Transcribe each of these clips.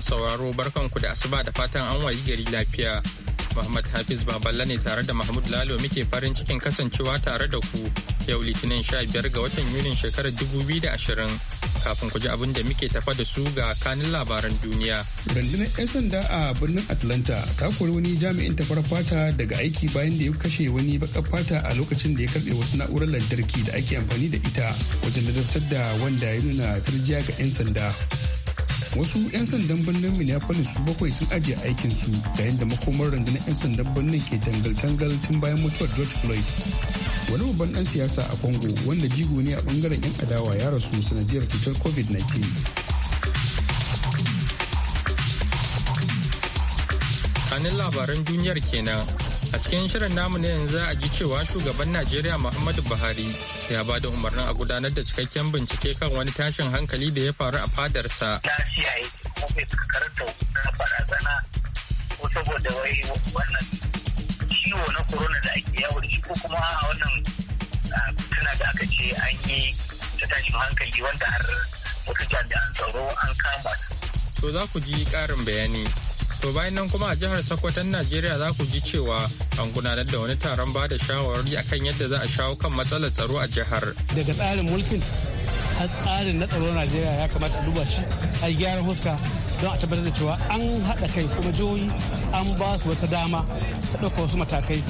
masu sauraro barkanku da asuba da fatan an wayi gari lafiya. Muhammad Hafiz Baballa ne tare da Mahmud Lalo muke farin cikin kasancewa tare da ku yau Litinin 15 ga watan Yunin shekarar 2020 kafin ku ji abin da muke tafa da su ga kanin labaran duniya. Rundunar 'yan sanda a birnin Atlanta ta kori wani jami'in tafar fata daga aiki bayan da ya kashe wani bakar fata a lokacin da ya karbe wasu na'urar lantarki da ake amfani da ita wajen ladabtar da wanda ya nuna turjiya ga 'yan sanda. wasu 'yan sandan birnin minneapolis su bakwai sun ajiye su yayin da makomar rundunar 'yan sandan birnin ke dangal-dangal tun bayan mutuwar george floyd wani babban dan siyasa a congo wanda jigo ne a bangaren 'yan adawa ya rasu sanadiyar cutar covid-19 kanin labaran duniyar kenan A cikin shirin namu ne yanzu a ji cewa shugaban Najeriya Muhammadu Buhari ya bada umarnin a gudanar da cikakken bincike kan wani tashin hankali da ya faru a fadarsa. Ta siyaye kuma suka karanta na barazana ko saboda wai wannan ciwo na corona da ake yawo da ko kuma a wannan fitina da aka ce an yi ta tashin hankali wanda har wasu jami'an tsaro an kama. To za ku ji ƙarin bayani. To bayan nan kuma a jihar Sokoton Najeriya za ku ji cewa an gudanar da wani taron ba da shawarwari akan yadda za a shawo kan matsalar tsaro a jihar. Daga tsarin mulkin har tsarin na tsaro Najeriya ya kamata a duba shi a gyara huska don a tabbatar da cewa an haɗa kai kuma jihohi an ba su wata dama ta ɗauka wasu matakai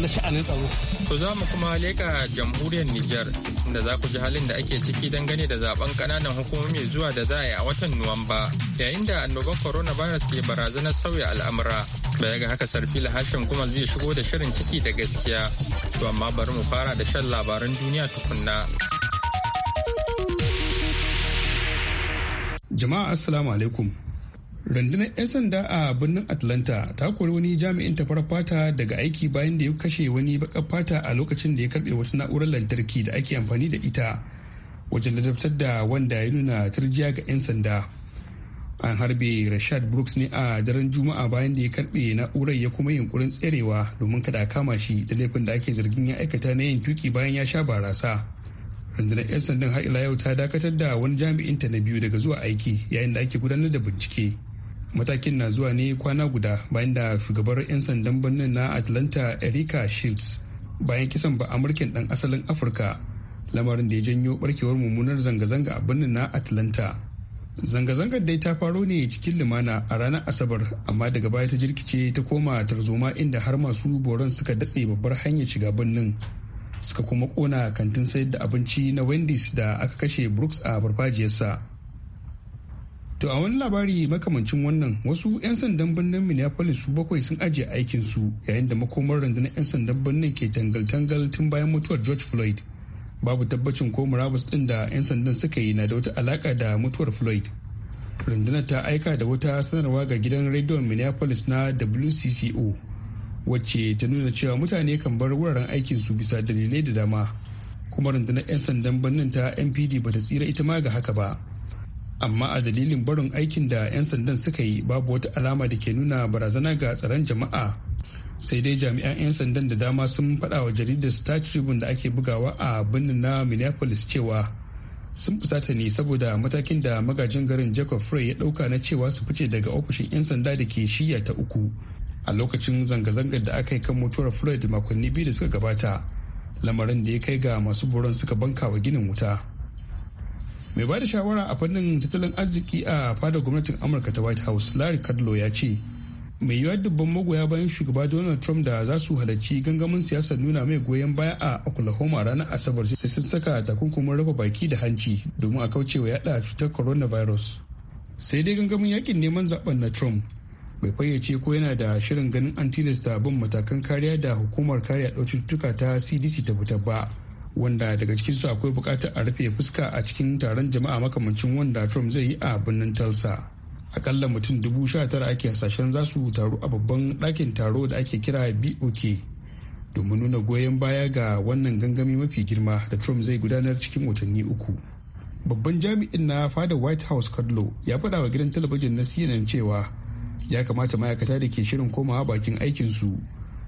na sha'anin tsaro. To za mu kuma leƙa jamhuriyar Nijar inda za ku ji halin da ake ciki dangane da zaben ƙananan hukumomi zuwa da za a yi a watan Nuwamba yayin da annobar Corona coronavirus ke barazanar sauya al'amura. Baya ga haka sarfi Lahashin kuma zai shigo da shirin ciki da gaskiya. To amma bari mu fara da shan labaran duniya tukunna. Jama'a Assalamu alaikum. rundunar 'yan sanda a birnin atlanta ta kori wani jami'in ta fata daga aiki bayan da ya kashe wani bakar fata a lokacin da ya karbe wata na'urar lantarki da ake amfani da ita wajen ladabtar da wanda ya nuna turjiya ga 'yan sanda an harbe rashad brooks ne a daren juma'a bayan da ya karbe na'urar ya kuma yunkurin tserewa domin kada kama shi da laifin da ake zargin ya aikata na yin tuki bayan ya sha barasa rundunar 'yan sandan har ila yau ta dakatar da wani jami'inta na biyu daga zuwa aiki yayin da ake gudanar da bincike matakin na zuwa ne kwana guda bayan da shugabar 'yan sandan birnin na atlanta erika shields bayan kisan ba amurkin dan asalin afirka lamarin da ya janyo barkewar mummunar zanga-zanga a birnin na atlanta zanga-zangar dai ta faro ne cikin limana a ranar asabar amma daga baya ta jirkice ta koma tarzoma inda har masu boron suka datse babbar hanyar shiga birnin suka kuma kona kantin sayar da abinci na wendy's da aka kashe brooks a farfajiyarsa To a wani labari makamancin wannan wasu 'yan sandan birnin Minneapolis su bakwai sun ajiye aikin su yayin da makomar rundunar 'yan sandan birnin ke dangal-dangal tun bayan mutuwar George Floyd. Babu tabbacin ko murabus ɗin da 'yan sandan suka yi na da wata alaka da mutuwar Floyd. Rundunar ta aika da wata sanarwa ga gidan rediyon Minneapolis na WCCO wacce ta nuna cewa mutane kan bar wuraren aikin su bisa dalilai da dama. Kuma rundunar 'yan sandan birnin ta NPD bata tsira ita ma ga haka ba. amma a dalilin barin aikin da 'yan sandan suka yi babu wata alama da ke nuna barazana ga tsaron jama'a sai dai jami'an 'yan sandan da dama sun faɗa wa jaridar star tribune da ake bugawa a birnin na minneapolis cewa sun fusata ne saboda matakin da magajin garin jacob frey ya ɗauka na cewa su fice daga ofishin 'yan sanda da ke shiya ta uku a lokacin zanga-zangar da aka yi kan mutuwar floyd makonni biyu da suka gabata lamarin da ya kai ga masu boron suka banka wa ginin wuta mai ba da shawara a fannin tattalin arziki a fadar gwamnatin amurka ta white house larry kudlow ya ce mai yiwuwa dubban magoya bayan shugaba donald trump da za su halarci gangamin siyasar nuna mai goyon baya a oklahoma ranar asabar sai sun saka takunkumin raba baki da hanci domin a kauce wa yada cutar coronavirus sai dai gangamin yakin neman zaben na trump bai fayyace ko yana da shirin ganin an tilasta bin matakan kariya da hukumar kariya ɗau cututtuka ta cdc ta fitar ba wanda daga cikinsu akwai bukatar a rufe fuska a cikin taron jama'a makamancin wanda trump zai yi a birnin tulsa akalla mutum dubu sha tara ake hasashen za su taru a babban ɗakin taro da ake kira bok domin nuna goyon baya ga wannan gangami mafi girma da trump zai gudanar cikin watanni uku babban jami'in na fada white house kadlo ya faɗa wa gidan talabijin na cnn cewa ya kamata ma'aikata da ke shirin komawa bakin aikinsu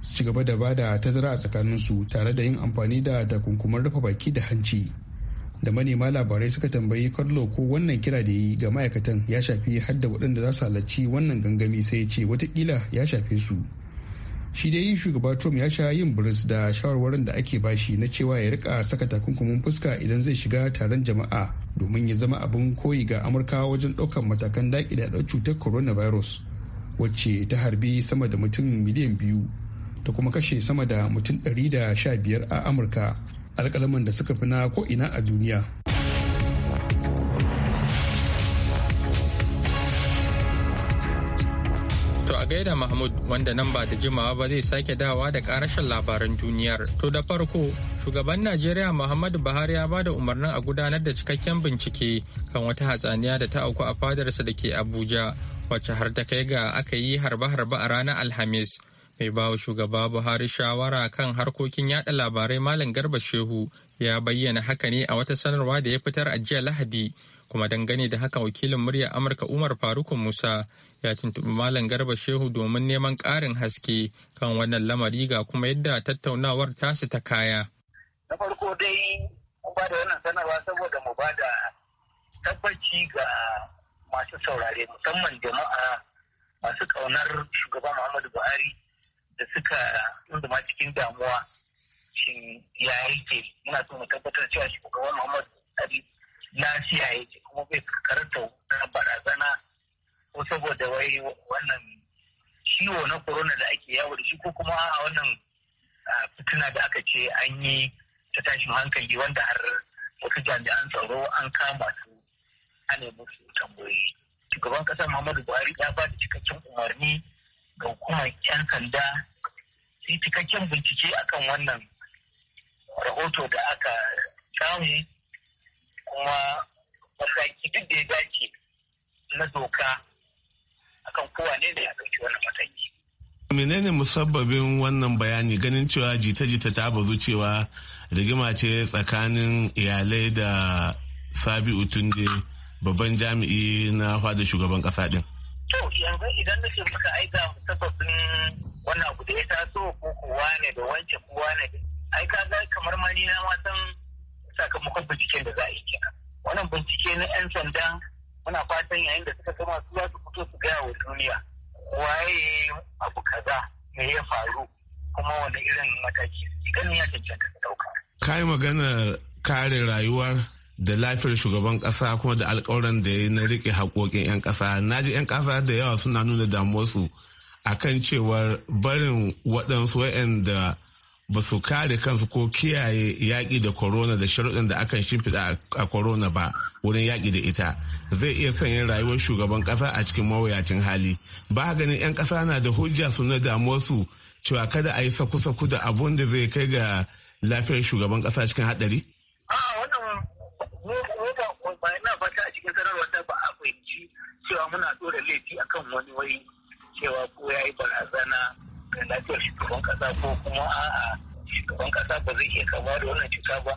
su ci gaba da bada da tazara a su tare da yin amfani da takunkuman rufe baki da hanci da manema labarai suka tambayi karlo ko wannan kira da yi ga ma'aikatan ya shafi hadda waɗanda za su halarci wannan gangami sai ya ce watakila ya shafe su shi dai yin shugaba trump ya sha yin buris da shawarwarin da ake bashi na cewa ya rika saka takunkumin fuska idan zai shiga taron jama'a domin ya zama abin koyi ga amurkawa wajen ɗaukar matakan daƙi da cutar coronavirus wacce ta harbi sama da mutum miliyan biyu ta kuma kashe sama da mutum 115 a amurka alkalaman da suka fi na ko'ina a duniya to a gaida mahmud wanda nan ba da jimawa ba zai sake dawa da karashin labaran duniyar to da farko shugaban najeriya muhammadu buhari ya bada umarnin a gudanar da cikakken bincike kan wata hatsaniya da ta auku a fadarsa da ke abuja wacce har ta kai ga aka yi harbe-harbe a ranar alhamis mai bawa shugaba buhari shawara kan harkokin yada labarai malam garba shehu ya bayyana haka ne a wata sanarwa da ya fitar a jiya lahadi kuma dangane da haka wakilin murya amurka umar farukun musa ya tuntubi malam garba shehu domin neman ƙarin haske kan wannan lamari ga kuma yadda tattaunawar tasu ta kaya na farko dai ba da wannan sanarwa saboda mu ba da tabbaci ga masu saurare musamman jama'a masu kaunar shugaba muhammadu buhari da suka tsunduma cikin damuwa shin ya yake muna so mu tabbatar cewa shi Ali na buhari lafiya yake kuma bai karanta wani barazana ko saboda wai wannan ciwo na corona da ake yawo da shi ko kuma a wannan fitina da aka ce an yi ta tashin hankali wanda har wasu jami'an tsaro an kama su nemi su tambayoyi shugaban ƙasar muhammadu buhari ya ba da cikakken umarni ga hukumar 'yan sanda yi cikakken bincike akan wannan rahoto da aka samu kuma mataki duk da ya dace na doka akan kowa ne da ya ɗauki wannan mataki. menene musabbabin wannan bayani ganin cewa jita-jita ta bazu cewa rigima ce tsakanin iyalai da sabi'u utunde, babban jami'i na fada shugaban kasa din. to yanzu idan nake muka aida musabbabin wannan abu da ya taso ko kowa ne da wance kowa ne ai ka ga kamar ma ni na ma san sakamakon binciken da za a yi kenan wannan bincike na yan sanda muna fatan yayin da suka gama su za su fito su gaya wa duniya waye abu kaza me ya faru kuma wani irin mataki ganin ya cancanta da dauka kai maganar kare rayuwar da lafiyar shugaban kasa kuma da alkawarin da ya na rike haƙoƙin 'yan ƙasa. na ji 'yan ƙasa da yawa suna nuna damuwarsu akan cewar barin waɗansu waɗanda ba su kare kansu ko kiyaye yaƙi da korona da sharuɗin da akan shimfiɗa a corona ba wurin yaƙi da ita zai iya sanya rayuwar shugaban ƙasa a cikin mawuyacin hali ba ganin 'yan ƙasa na da hujja su na su cewa kada a yi saku-saku da abun da zai kai ga lafiyar shugaban ƙasa cikin haɗari? ina fata a cikin sanarwar ba a cewa muna ɗora laifi akan wani wai cewa ko ya yi barazana ga lafiyar shugaban kasa ko kuma a'a shugaban kasa ba zai iya kama da wannan cuta ba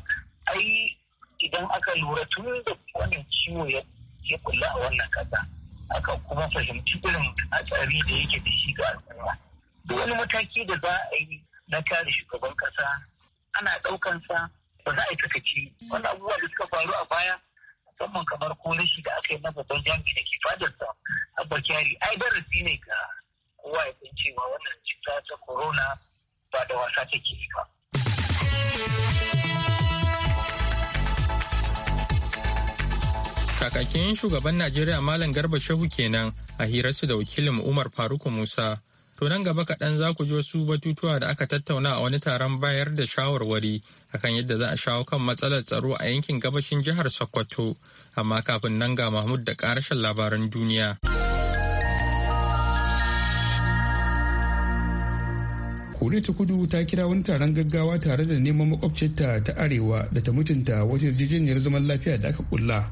ai idan aka lura tun da wannan ciwo ya ke kula a wannan kasa aka kuma fahimci irin hatsari da yake da shi ga al'umma duk wani mataki da za a yi na kare shugaban kasa ana ɗaukansa ba za a yi takaci wani abubuwa da suka faru a baya musamman kamar ko rashi da aka yi na babban jami'i da ke fadarsa abba kyari ai darasi ne ga kowa ya san cewa wannan cuta ta corona ba da wasa take ba. Kakakin shugaban Najeriya Malam Garba Shehu kenan a hirarsu da wakilin Umar Faruku Musa. To nan gaba kaɗan za ku ji wasu batutuwa da aka tattauna a wani taron bayar da shawarwari akan yadda za a shawo kan matsalar tsaro a yankin gabashin jihar Sokoto. Amma kafin nan ga Mahmud da ƙarashin labaran duniya. koriya ta kudu ta kira wani taron gaggawa tare da neman makwabcinta ta arewa da ta mutunta wata yarjejeniyar zaman lafiya da aka kulla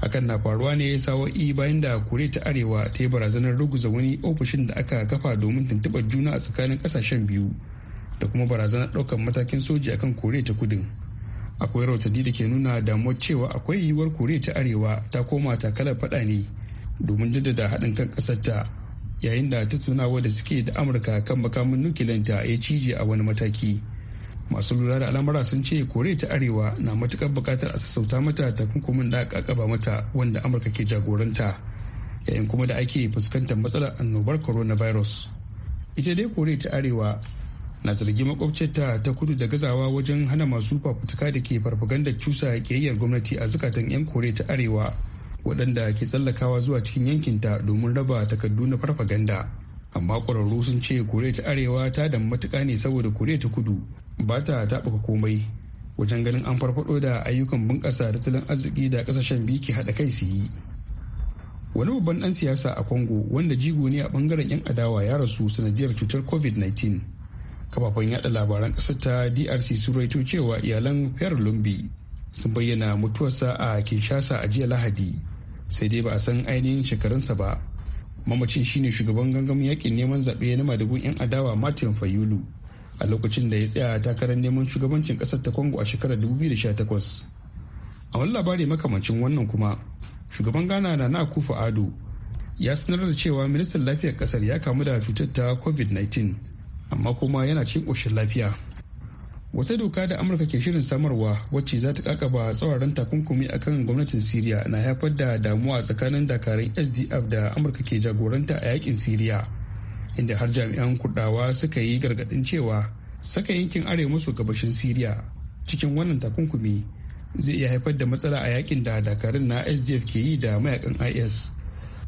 hakan na faruwa ne sawa'i bayan da koriya ta arewa ta yi barazanar ruguza wani ofishin da aka kafa domin tuntuɓar juna a tsakanin ƙasashen biyu da kuma barazanar ɗaukar matakin soji akan koriya ta kudu akwai rautadi da ke nuna damuwar cewa akwai yiwuwar koriya ta arewa ta koma takalar faɗa ne domin jaddada haɗin kan ƙasarta yayin da tattunawa da suke da amurka kan makamin nukilanta ya cije a wani mataki masu lura da al'amura sun ce koriya ta arewa na matukar bukatar a sassauta mata takunkumin da kakaba mata wanda amurka ke jagoranta yayin kuma da ake fuskantar matsalar annobar coronavirus ita dai koriya ta arewa na zargi makwabcinta ta kudu da gazawa wajen hana masu fafutuka da ke farfagandar cusa kiyayyar gwamnati a zukatan 'yan koriya ta arewa waɗanda ke tsallakawa zuwa cikin yankinta domin raba takardu na farfaganda amma ƙwararru sun ce koriya ta arewa ta da matuƙa ne saboda koriya ta kudu ba ta taɓuka komai wajen ganin an farfaɗo da ayyukan bunƙasa tattalin arziki da ƙasashen biyu ke haɗa kai su yi wani babban ɗan siyasa a congo wanda jigo ne a ɓangaren 'yan adawa ya rasu sanadiyar cutar covid-19 kafafen yada labaran ƙasar ta drc sun raito cewa iyalan pierre lumbi sun bayyana mutuwarsa a kinshasa a jiya lahadi sai dai ba a san ainihin shekarunsa ba mamacin shine shugaban gangamin yakin neman zaɓe na madagun 'yan adawa martin fayulu a lokacin da ya tsaya takarar neman shugabancin ƙasar ta congo a shekarar 2018 a wani labari makamancin wannan kuma shugaban ghana na na kufa ado ya sanar da cewa ministan lafiyar ƙasar ya kamu da cutar ta covid-19 amma kuma yana cin ƙoshin lafiya wata doka da amurka ke shirin samarwa wacce za ta kakaba tsauraran takunkumi akan gwamnatin siriya na haifar da damuwa tsakanin dakarun sdf da amurka ke jagoranta a yakin siriya inda har jami'an kudawa suka yi gargadin cewa saka yankin arewa maso gabashin siriya cikin wannan takunkumi zai iya haifar da matsala a yakin da dakarun na sdf ke yi da mayakan is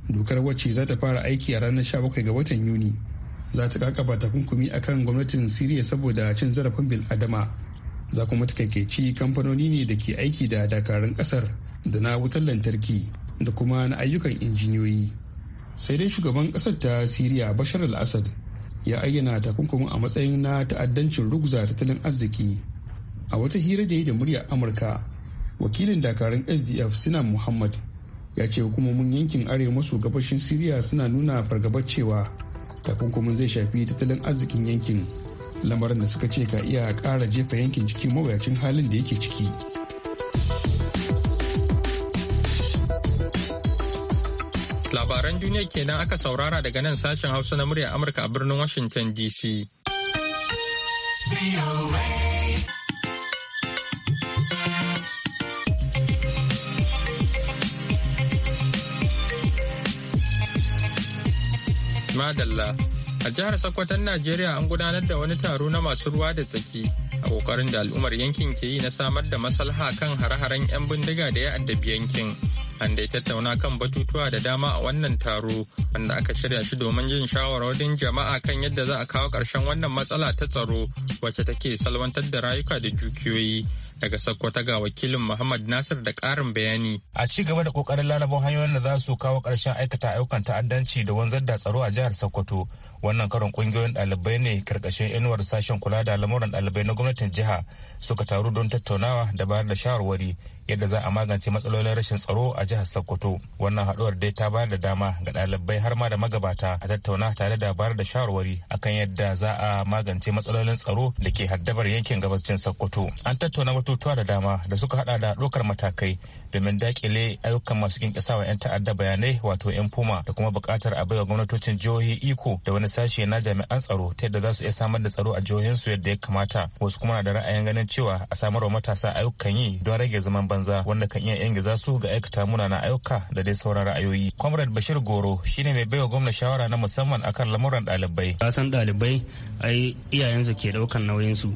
dokar wacce za ta fara aiki a ranar 17 ga watan yuni za ta kakaba takunkumi a kan gwamnatin siriya saboda cin zarafin bil adama za kuma ta kaikaici kamfanoni ne da ke aiki da dakarun kasar da na wutar lantarki da kuma na ayyukan injiniyoyi sai dai shugaban kasar ta siriya bashar al-assad ya ayyana takunkumin a matsayin na ta'addancin ruguza tattalin arziki a wata hira da yi da muryar amurka wakilin dakarun sdf suna muhammad ya ce hukumomin yankin arewa maso gabashin siriya suna nuna fargabar cewa takunkumin zai shafi tattalin arzikin yankin lamarin da suka ce ka iya ƙara jefa yankin cikin mawuyacin halin da yake ciki labaran duniya kenan aka saurara daga nan sashen hausa na murya amurka a birnin washington dc Madalla. A jihar Sokoton Najeriya an gudanar da wani taro na masu ruwa da tsaki a kokarin da al'ummar yankin ke yi na samar da masalha kan hare-haren 'yan bindiga da ya addabi yankin. An dai tattauna kan batutuwa da dama a wannan taro wanda aka shirya shi domin jin shawarwarin jama'a kan yadda za a kawo ƙarshen wannan matsala ta tsaro wacce take salwantar da rayuka da dukiyoyi Daga Sokoto ga wakilin Muhammad Nasir da karin bayani. A ci gaba da ƙoƙarin lalabar hanyoyin da za su kawo ƙarshen aikata ayyukan ta'addanci da wanzar da tsaro a jihar Sokoto. Wannan karin ƙungiyoyin ɗalibai ne karkashin inuwar sashen kula da lamuran ɗalibai na gwamnatin jiha suka taru don tattaunawa da bayar da shawarwari yadda za a magance matsalolin rashin tsaro a jihar Sokoto. Wannan haɗuwar dai ta bayar da dama ga ɗalibai har ma da magabata a tattauna tare da bayar da shawarwari akan yadda za a magance matsalolin tsaro da ke haddabar yankin cin Sokoto. An tattauna batutuwa da dama da suka haɗa da ɗaukar matakai domin dakile ayyukan masu kin kisa wa 'yan ta'adda bayanai wato 'yan fuma da kuma buƙatar a baiwa gwamnatocin jihohi iko da wani sashe na jami'an tsaro ta yadda za su iya samar da tsaro a jihohinsu yadda ya kamata wasu kuma na da ra'ayin ganin cewa a samarwa matasa ayyukan yi don rage zaman banza wanda kan iya ingiza su ga aikata munana ayyuka da dai sauran ra'ayoyi comrade bashir goro shine mai baiwa gwamna shawara na musamman akan lamuran ɗalibai kasan ɗalibai ai iyayensu ke ɗaukan nauyinsu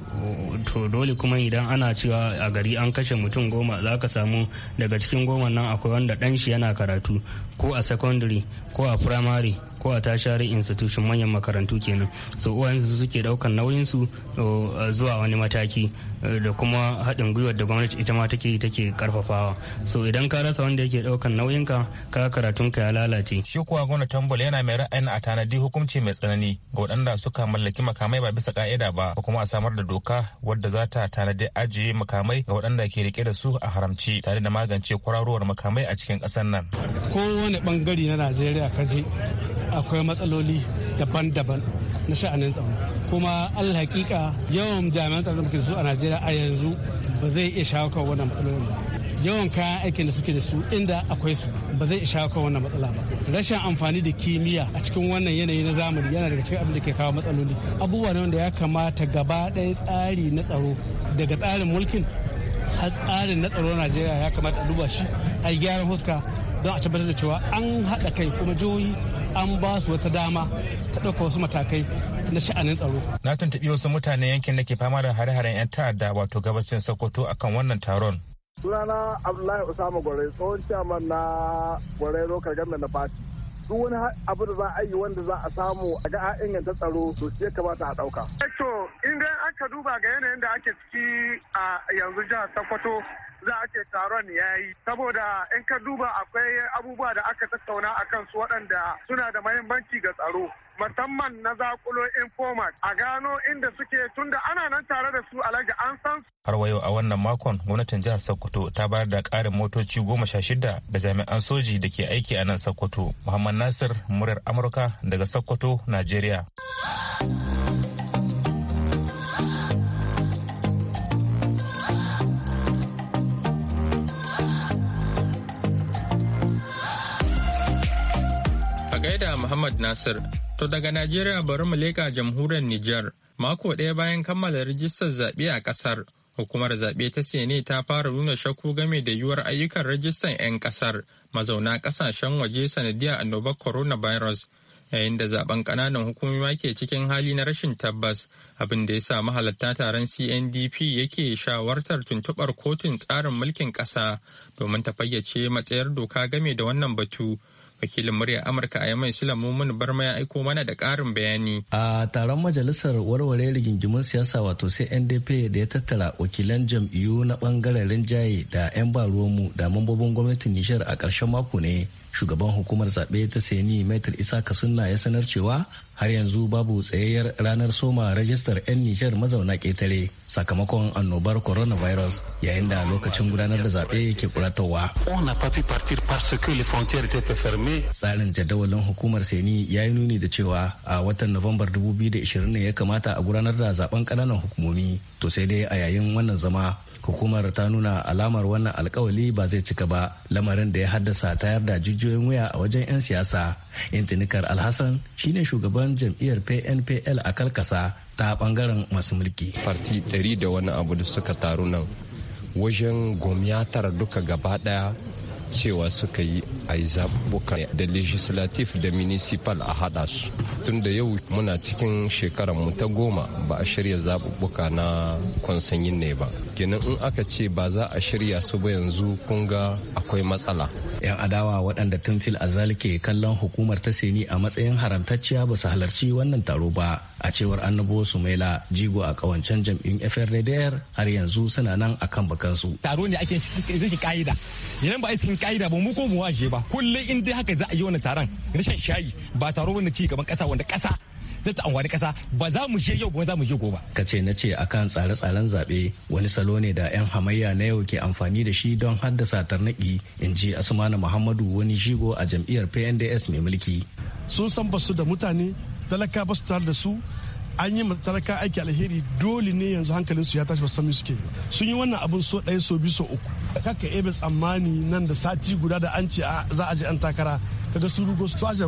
to dole kuma idan ana cewa a gari an kashe mutum goma za ka samu da daga cikin goma nan akwai wanda ɗan shi yana karatu ko a secondary ko a primary ko a tashari institution manyan makarantu kenan so uwayensu suke daukan su eh, zuwa wani mataki eh, da kuma haɗin gwiwar da gwamnati ita ma take take karfafawa so idan ka rasa wanda yake daukan nauyin ka karatun ka ka ya lalace shi kuwa gwamnati tambul yana mai ra'ayin a tanadi hukunci mai tsanani ga waɗanda suka mallaki makamai ba bisa ka'ida ba ko kuma a samar da doka wadda za ta tanadi ajiye makamai ga waɗanda ke rike da su a haramci tare da magance kwararowar makamai a cikin ƙasar nan kowane bangare na najeriya kaje akwai matsaloli daban-daban na sha'anin tsaro kuma allah hakika yawan jami'an tsaro da su a najeriya a yanzu ba zai iya shawo kan wannan matsaloli yawan kayan aikin da suke da su inda akwai su ba zai iya shawo kan wannan matsala ba rashin amfani da kimiyya a cikin wannan yanayi na zamani yana daga cikin abin da ke kawo matsaloli abubuwa ne wanda ya kamata gaba ɗaya tsari na tsaro daga tsarin mulkin har tsarin na tsaro najeriya ya kamata a duba shi a gyara huska don a tabbatar da cewa an haɗa kai kuma jihohi an ba su wata dama ta ɗauka wasu matakai na sha'anin tsaro. Na tuntuɓi wasu mutane yankin da ke fama da hare-haren 'yan ta'adda wato gabashin Sokoto akan wannan taron. Sunana Abdullahi Usama Gore tsohon ciyaman na Gore Lokar Gamna na Fati. duk wani abu da za a yi wanda za a samu a ga a inganta tsaro to shi ya kamata a ɗauka. Eh, to in dai aka duba ga yanayin da ake ciki a yanzu jihar Sokoto za a ce taron ya yi saboda in ka duba akwai abubuwa da aka tattauna a kansu waɗanda suna da mahimmanci ga tsaro musamman na zakulo informat a gano inda suke tunda ana nan tare da su alhaji an san su. har wayo a wannan makon gwamnatin jihar sokoto ta bayar da karin motoci goma sha shida da jami'an soji da ke aiki a nan sokoto muhammad nasir murar amurka daga sokoto najeriya Muhammad Nasir. To daga Najeriya bari mu leƙa jamhuriyar Nijar. Mako ɗaya bayan kammala rijistar zaɓe a ƙasar, hukumar zaɓe ta Sene ta fara nuna shakku game da yiwuwar ayyukan rijistar 'yan ƙasar mazauna ƙasashen waje sanadiyar corona virus yayin da zaben ƙananan hukumomi ke cikin hali na rashin tabbas abin da ya sa mahalatta taron cndp yake shawartar tuntuɓar kotun tsarin mulkin ƙasa domin ta fayyace matsayar doka game da wannan batu wakilin muryar amurka a yamai sulamumin barma ya aiko mana da karin bayani a taron majalisar warware rigingimin siyasa wato sai ndp da ya tattara wakilan jam'iyyu na bangaren rinjaye da 'yan baruwanmu da mambobin gwamnatin nishar a karshen mako ne shugaban hukumar zaɓe ta seni maitar isa kasunna ya sanar cewa har yanzu babu tsayayyar ranar soma rajistar 'yan nijar mazauna ƙetare sakamakon annobar coronavirus yayin da lokacin gudanar da zaɓe ke kuratawa. tsarin jadawalin hukumar seni ya yi nuni da cewa a watan nuwambar 2020 ne ya kamata a gudanar da zaben ƙananan hukumomi to sai dai a yayin wannan zama hukumar ta nuna alamar wannan alkawali ba zai cika ba lamarin da ya haddasa tayar da jijiyoyin wuya a wajen 'yan siyasa intinikar alhassan shine shugaban jam'iyyar pnpl a kalkasa ta bangaren masu mulki farti ɗari da wani abu da suka taru nan wajen gomiyatar duka gaba daya cewa suka yi a yi da legislatif da municipal a haɗa su tun da yau muna cikin shekarar mu ta goma ba a shirya zaɓuɓɓuka na kwansanyin ne ba kenan in aka ce ba za a shirya su ba yanzu kun ga akwai matsala yan adawa waɗanda tun fil azal ke kallon hukumar ta seni a matsayin haramtacciya ba su halarci wannan taro ba a cewar annabo maila jigo a kawancen jam'in FRDR har yanzu suna nan a kan bakansu taro ne ake cikin ka'ida idan ba a cikin ka'ida ba mu ko mu waje ba kullum in dai haka za a yi wani taron rashin shayi ba taro wani ci gaban kasa wanda kasa zai ta amfani kasa ba za mu je yau ba za mu je gobe ka ce na ce akan tsare-tsaren zaɓe wani salo ne da 'yan hamayya na yau ke amfani da shi don haddasa tarnaki in ji asmana muhammadu wani shigo a jam'iyyar pnds mai mulki sun san basu da mutane talaka basu tare da su an yi talaka aiki alheri dole ne yanzu su ya tashi ba sami suke sun yi wannan abun so ɗaya so biyu so uku kaka ebe tsammani nan da sati guda da an ce za a je an takara kaga su rugo su tsaje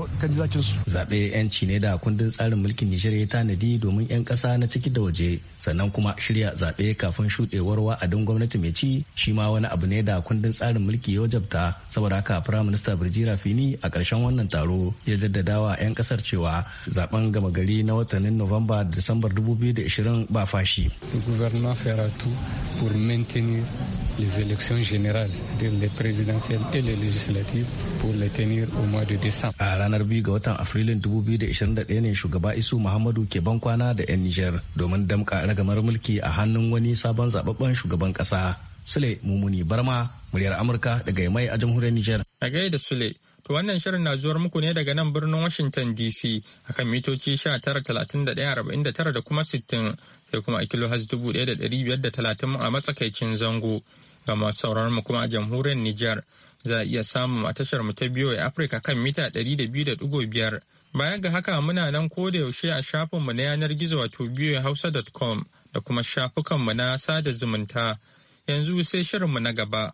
zabe yanci ne da kundin tsarin mulkin Nijar ya tanadi domin yan kasa na ciki da waje sannan kuma shirya zabe kafin shudewar wa'adin gwamnati mai ci shi ma wani abu ne da kundin tsarin mulki ya wajabta saboda haka Prime Minister Birjira Fini a ƙarshen wannan taro ya jaddadawa yan kasar cewa zaben gama gari na watannin Nuwamba da Disambar 2020 ba fashi. Le gouvernement pour maintenir les élections générales, de à dire les présidentielles et les législatives, pour les tenir au mois de décembre. A ranar biyu ga watan Afrilun 2021 ne shugaba Isu Muhammadu ke ban kwana da 'yan Nijar domin damka ragamar mulki a hannun wani sabon zababben shugaban kasa. Sule Mumuni Barma, muryar Amurka daga Yamai a jamhuriyar Nijar. A gaida Sule, To wannan shirin na zuwar muku ne daga nan birnin Washington DC a kan mitoci 1931 da kuma 60 sai kuma a kilo 1,530 a matsakaicin zango. Ga masu sauraron mu kuma a jamhuriyar Nijar za a iya samun a tashar mu ta biyo Afirka kan mita 200.5. bayan ga haka muna nan ko da yaushe a shafin mu na yanar gizo wato biyoyahausa.com da kuma shafukan mu na sada zumunta. Yanzu sai shirin mu na gaba.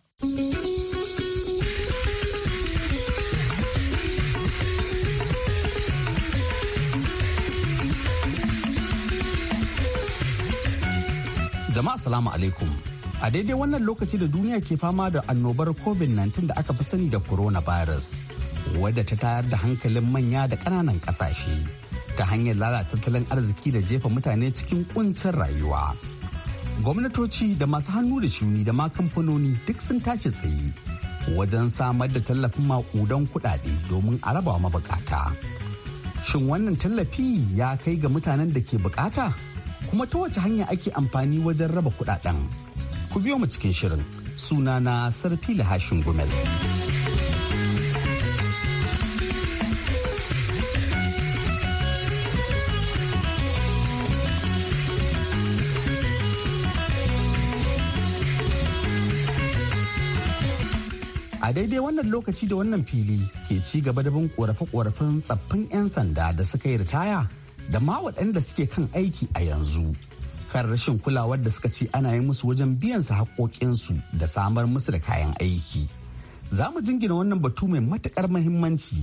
Jama'a salamu alaikum. a daidai wannan lokaci da duniya ke fama da annobar covid-19 da aka fi sani da coronavirus wadda ta tayar da hankalin manya da kananan kasashe ta hanyar lalata tattalin arziki da jefa mutane cikin kuncin rayuwa gwamnatoci da masu hannu da shuni da ma kamfanoni duk sun tashi tsaye wajen samar da tallafin maƙudan kuɗaɗe domin a raba mabukata shin wannan tallafi ya kai ga mutanen da ke bukata kuma ta wace hanya ake amfani wajen raba kuɗaɗen ku biyo mu cikin shirin sunana sarfi hashin gumel. a daidai wannan lokaci da wannan fili ke ci gaba da bin korafe-korafen tsaffin 'yan sanda da suka yi ritaya da ma waɗanda suke kan aiki a yanzu kan rashin kulawar da suka ce ana yi musu wajen biyan su haƙoƙinsu da samar musu da kayan aiki. Za mu jingina wannan batu mai matuƙar mahimmanci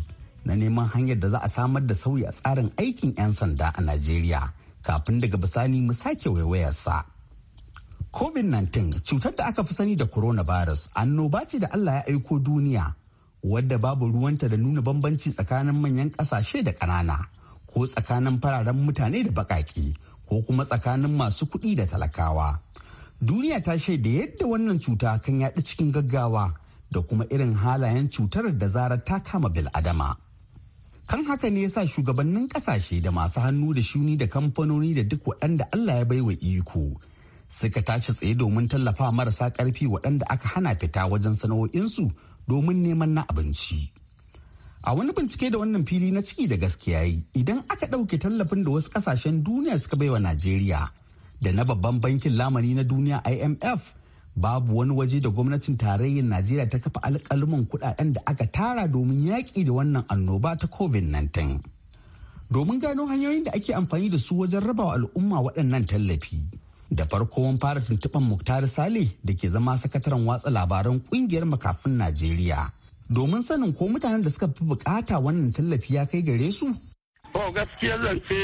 na neman hanyar da za a samar da sauyi a tsarin aikin 'yan sanda a Najeriya kafin daga bisani mu sake waiwayarsa. COVID-19 cutar da aka fi sani da coronavirus annoba ce da Allah ya aiko duniya wadda babu ruwanta da nuna bambanci tsakanin manyan ƙasashe da ƙanana ko tsakanin fararen mutane da baƙaƙe. ko kuma tsakanin masu kuɗi da talakawa. Duniya ta shaida yadda wannan cuta kan yaɗi cikin gaggawa da kuma irin halayen cutar da zarar ta kama bil'adama. Kan haka ne yasa shugabannin ƙasashe da masu hannu da shuni da kamfanoni da duk waɗanda Allah ya baiwa iko suka tashi tsaye domin tallafa marasa ƙarfi waɗanda aka hana fita wajen sana'o'insu domin neman na abinci. A wani bincike da wannan fili na ciki da gaskiya yi idan aka ɗauke tallafin da wasu ƙasashen duniya suka baiwa Najeriya da na babban bankin lamani na duniya IMF babu wani waje da gwamnatin tarayyar Najeriya ta kafa alƙaluman kuɗaɗen da aka tara domin yaƙi da wannan annoba ta COVID-19. Domin gano hanyoyin da ake amfani da su wajen rabawa al'umma waɗannan tallafi. Da farko mun fara tuntuɓar Muktar Sale da ke zama sakataren watsa labaran ƙungiyar makafin Najeriya. domin sanin ko mutanen da suka fi bukata wannan tallafi ya kai gare su? Oh gaskiya zance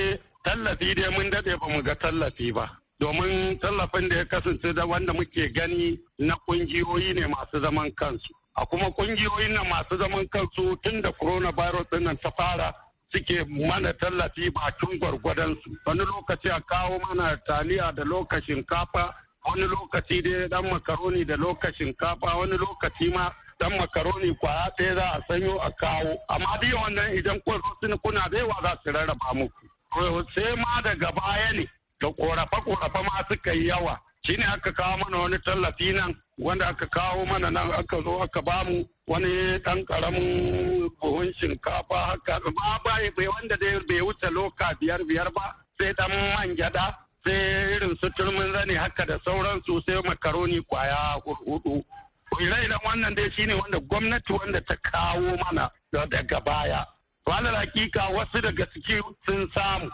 tallafi dai mun dade ba mu ga tallafi ba. Domin tallafin da ya kasance da wanda muke gani na kungiyoyi ne masu zaman kansu. A kuma kungiyoyin nan masu zaman kansu tun da coronavirus virus nan ta fara suke mana tallafi bakin gwargwadonsu. Wani lokaci a kawo mana taliya da lokacin kafa wani lokaci dai dan makaroni da lokacin kafa wani lokaci ma dan makaroni kwaya ɗaya za a sanyo a kawo amma dai wannan idan kun zo kuna da yawa za su rarraba muku sai ma daga baya ne da korafe korafa ma suka yi yawa shine aka kawo mana wani tallafi nan wanda aka kawo mana nan aka zo aka bamu wani dan karamin buhun shinkafa haka ba bai wanda dai bai wuce loka biyar biyar ba sai dan man gyada sai irin su turmin zane haka da sauransu sai makaroni kwaya hudu ire-iren wannan dai shine wanda gwamnati wanda ta kawo mana daga baya wala hakika wasu daga ciki sun samu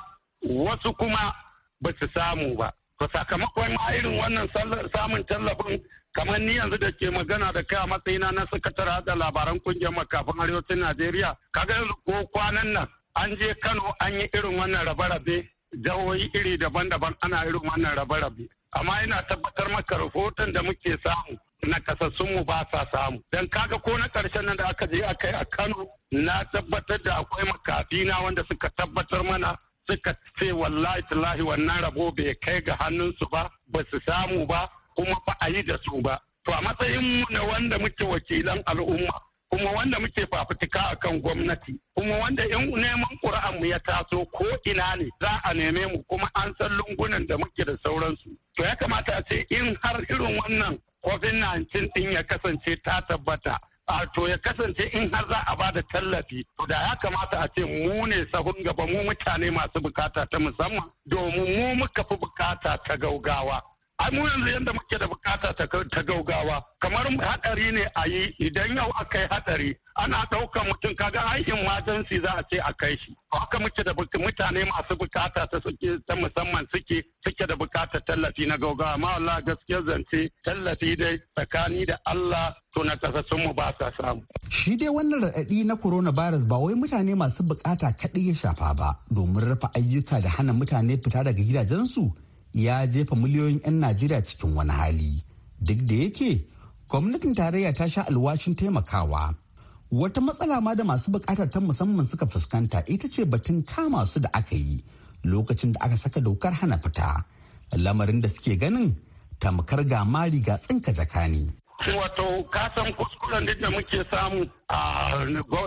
wasu kuma ba su samu ba to sakamakon ma irin wannan samun tallafin kamar ni yanzu da ke magana da kai a matsayina na sakatar da labaran kungiyar makafin arewacin najeriya kaga yanzu ko kwanan nan an je kano an yi irin wannan rabe-rabe jihohi iri daban-daban ana irin wannan rabe-rabe amma ina tabbatar maka rahoton da muke samu na kasassun mu ba sa samu dan kaga ko na karshen nan da aka je aka yi a Kano na tabbatar da akwai makafina wanda suka tabbatar mana suka ce wallahi tallahi wannan rabo bai kai ga hannunsu ba ba su samu ba kuma ba a yi da su ba to a matsayin mu na wanda muke wakilan al'umma kuma wanda muke fafutuka a kan gwamnati kuma wanda in neman ƙura'an mu ya taso ko ina ne za a neme mu kuma an san lungunan da muke da sauransu to ya kamata ce in har irin wannan covid-19 din ya kasance ta tabbata a to ya kasance in har za a ba da tallafi to da ya kamata a ce mu ne sahun gaba mu mutane masu bukata ta musamman domin mu muka fi bukata ta gaugawa ai mu yanzu yadda muke da bukata ta gaugawa kamar hadari ne a yi idan yau aka yi hadari ana ɗaukar mutum kaga matan emergency za a ce a kai shi haka muke da mutane masu bukata ta ta musamman suke suke da bukata tallafi na gaugawa amma Allah gaskiyar zance tallafi dai tsakani da Allah to na kasassun mu ba sa samu shi dai wannan raɗaɗi na coronavirus ba wai mutane masu bukata kaɗai ya shafa ba domin rufe ayyuka da hana mutane fita daga gidajensu ya jefa miliyoyin 'yan najeriya cikin wani hali duk da yake gwamnatin tarayya ta sha alwashin taimakawa wata matsala ma da masu bukatar ta musamman suka fuskanta ita ce batun kama su da aka yi lokacin da aka saka dokar hana fita lamarin da suke ganin tamkar ga mari ga tsinka jaka ne wato kasan kuskuren da muke samu a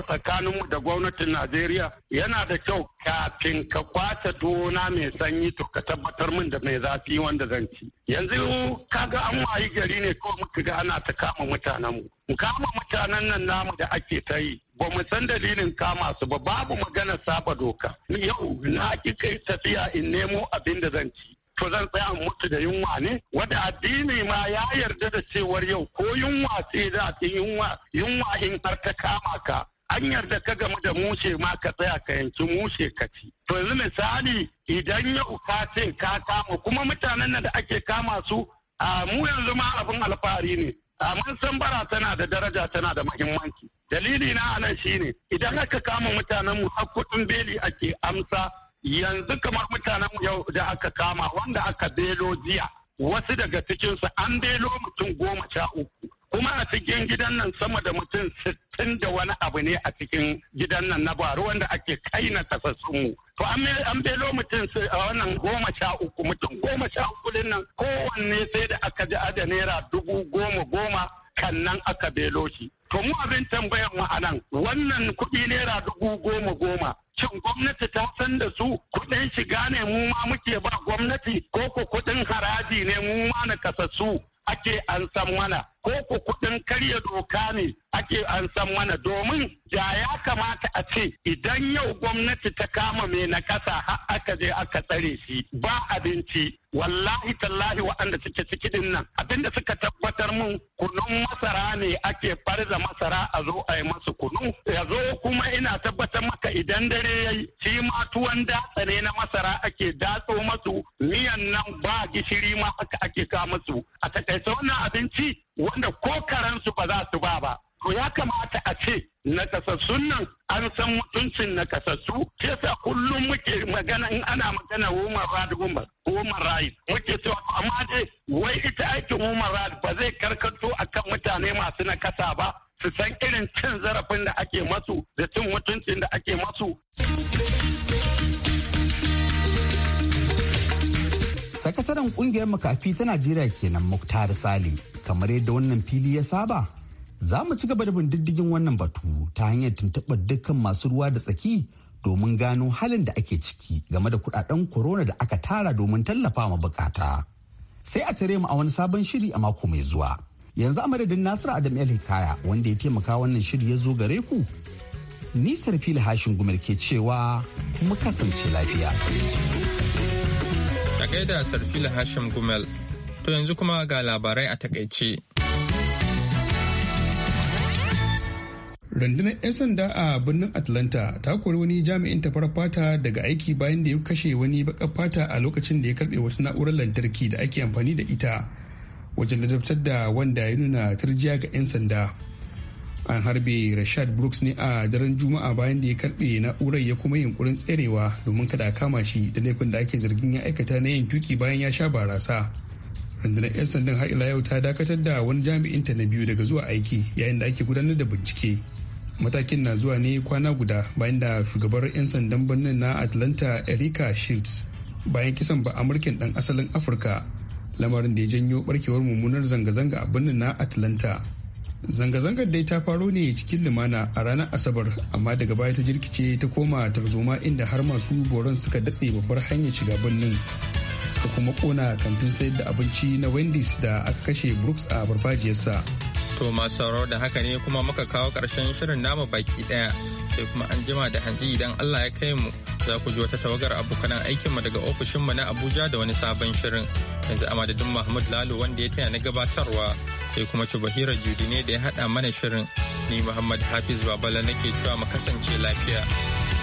tsakaninmu da gwamnatin Najeriya yana da kyau kafin ka kwace tuwona mai sanyi to ka tabbatar min da mai zafi wanda zan ci. Yanzu kaga an wayi gari ne ko muka ga ana ta kama mutanenmu. Mu kama mutanen nan namu da ake ta yi. Ba mu san dalilin kama su ba babu magana saba doka. Yau na ƙi kai tafiya in nemo abin da zan ci. to zan tsaya mutu da yunwa ne wanda addini ma ya yarda da cewar yau ko yunwa sai za ta yunwa yunwa in har ta kama ka an yarda ka game da mushe ma ka tsaya ka yanki mushe ka ci. To yanzu misali idan yau ka ce ka kama kuma mutanen nan da ake kama su a mu yanzu ma abin alfahari ne. mun san bara tana da daraja tana da muhimmanci. Dalili na anan shine idan aka kama mutanen mu har kuɗin beli ake amsa yanzu kamar mutanen yau da aka kama wanda aka belo jiya wasu daga cikinsu an belo mutum goma sha uku kuma a cikin gidan nan sama da mutum sittin da wani abu ne a cikin gidan nan na baro wanda ake kai na mu to an belo mutum a wannan goma sha uku mutum goma sha uku nan kowanne sai da aka ji ada naira dubu goma goma kannan aka belo shi. To mu abin tambayar mu anan wannan kuɗi naira dubu goma goma Cin gwamnati ta san da su kuɗin shiga ne mu ma muke ba gwamnati ko ko kuɗin haraji ne mu ma na kasassu ake an san mana. ko ku kuɗin karya doka ne ake an san mana domin ja ya kamata a ce idan yau gwamnati ta kama mai na kasa har aka je aka tsare shi ba abinci wallahi tallahi waɗanda suke ciki din nan abinda suka tabbatar mun kunun masara ne ake farza masara a zo a yi masu kunu ya zo kuma ina tabbatar maka idan dare ya yi shi ma tuwon datsa ne na masara ake datso masu miyan nan ba gishiri ma aka ake ka masu a takaice wannan abinci wanda ko karansu ba za su ba ba. To ya kamata a ce nakasassun nan an san mutuncin nakasassu ke sa kullum muke magana in ana magana woman rad woman right muke so amma dai wai ita aikin woman rad ba zai karkato a kan mutane masu nakasa ba su san irin cin zarafin da ake masu da cin mutuncin da ake masu. sakataren kungiyar makafi ta najeriya kenan muktar sale kamar yadda wannan fili ya saba za mu ci gaba da bin wannan batu ta hanyar tuntuɓar dukkan masu ruwa da tsaki domin gano halin da ake ciki game da kudaden korona da aka tara domin tallafa ma bukata. Sai a tare mu a wani sabon shiri a mako mai zuwa. Yanzu a madadin Nasiru Adam El Hikaya wanda ya taimaka wannan shiri ya zo gare ku. nisar fili Hashin Gumar ke cewa mu kasance lafiya. kai gaida Sarfila Hashim Gumel. To yanzu kuma ga labarai a takaice. Rundunar 'yan sanda a birnin Atlanta ta kori wani jami'in tafar fata daga aiki bayan da ya kashe wani bakar fata a lokacin da ya karbe wata na'urar lantarki da ake amfani da ita wajen ladabtar da wanda ya nuna turjiya ga 'yan sanda. an harbe rashad brooks ne a daren juma'a bayan da ya karbe na'urar ya kuma yunkurin tserewa domin kada a kama shi da laifin da ake zargin ya aikata na yin tuki bayan ya sha barasa rundunar 'yan sandan har ila yau ta dakatar da wani jami'in ta na biyu daga zuwa aiki yayin da ake gudanar da bincike matakin na zuwa ne kwana guda bayan da shugabar 'yan sandan birnin na atlanta erika shields bayan kisan ba amurkin dan asalin afirka lamarin da ya janyo barkewar mummunar zanga-zanga a birnin na atlanta Zanga-zangar dai ta faro ne cikin lumana a ranar Asabar, amma daga baya ta jirkice ta koma tarzoma inda har masu boron suka datse babbar hanyar shiga birnin. Suka kuma kona kantin sayar da abinci na Wendy's da aka kashe Brooks a barbajiyarsa. To masu sauraro da haka ne kuma muka kawo karshen shirin namu baki ɗaya. Sai kuma an jima da hantsi idan Allah ya kai mu za ku ji wata tawagar aikin aikinmu daga ofishinmu na Abuja da wani sabon shirin. Yanzu amadadin Mahmud Lalo wanda ya taya na gabatarwa. sai kuma Bahira Judi ne da ya haɗa mana shirin. Ni Muhammad Hafiz Babala nake cewa mu kasance lafiya.